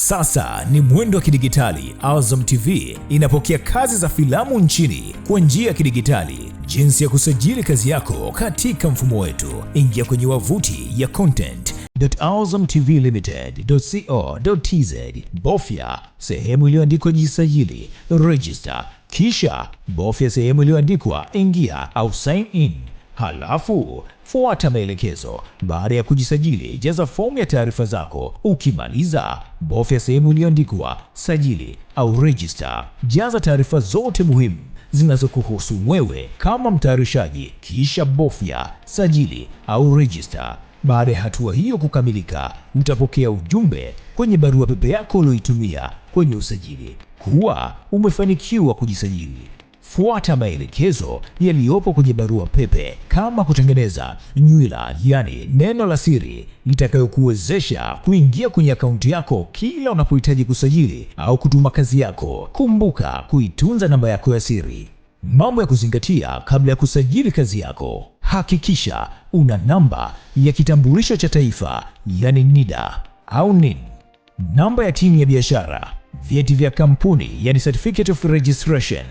Sasa ni mwendo wa kidigitali. Azam TV inapokea kazi za filamu nchini kwa njia ya kidigitali. Jinsi ya kusajili kazi yako katika mfumo wetu, ingia kwenye wavuti ya content.azamtvlimited.co.tz, bofya sehemu iliyoandikwa jisajili, register, kisha bofya sehemu iliyoandikwa ingia au sign in. Halafu fuata maelekezo. Baada ya kujisajili, jaza fomu ya taarifa zako. Ukimaliza, bofya sehemu iliyoandikwa sajili au register. Jaza taarifa zote muhimu zinazokuhusu wewe kama mtayarishaji, kisha bofya sajili au register. Baada ya hatua hiyo kukamilika, utapokea ujumbe kwenye barua pepe yako ulioitumia kwenye usajili kuwa umefanikiwa kujisajili. Fuata maelekezo yaliyopo kwenye barua pepe kama kutengeneza nywila, yani neno la siri litakayokuwezesha kuingia kwenye akaunti yako kila unapohitaji kusajili au kutuma kazi yako. Kumbuka kuitunza namba yako ya siri. Mambo ya kuzingatia kabla ya kusajili kazi yako: hakikisha una namba ya kitambulisho cha taifa, yani NIDA au NIN, namba ya TIN ya biashara, vyeti vya kampuni, yani certificate of registration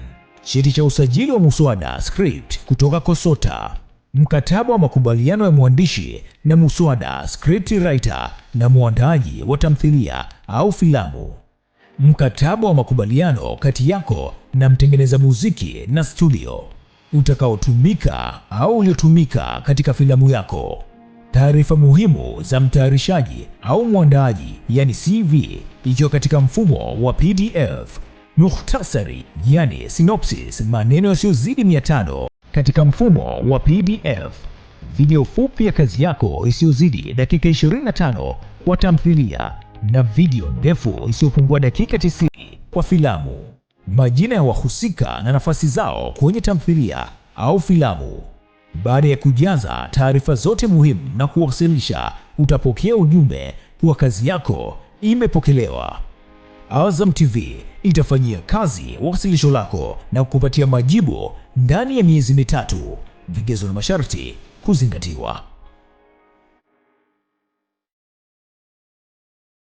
cheti cha usajili wa muswada script kutoka Kosota, mkataba wa makubaliano ya mwandishi na muswada script writer na mwandaji wa tamthilia au filamu, mkataba wa makubaliano kati yako na mtengeneza muziki na studio utakaotumika au uliotumika katika filamu yako, taarifa muhimu za mtayarishaji au mwandaaji, yani CV, ikiwa katika mfumo wa PDF Mukhtasari yani synopsis, maneno yasiyozidi 500 katika mfumo wa PDF, video fupi ya kazi yako isiyozidi dakika 25 kwa tamthilia, na video ndefu isiyopungua dakika 90 kwa filamu. Majina ya wahusika na nafasi zao kwenye tamthilia au filamu. Baada ya kujaza taarifa zote muhimu na kuwasilisha, utapokea ujumbe kuwa kazi yako imepokelewa. Azam TV itafanyia kazi wasilisho lako na kukupatia majibu ndani ya miezi mitatu. Vigezo na masharti kuzingatiwa.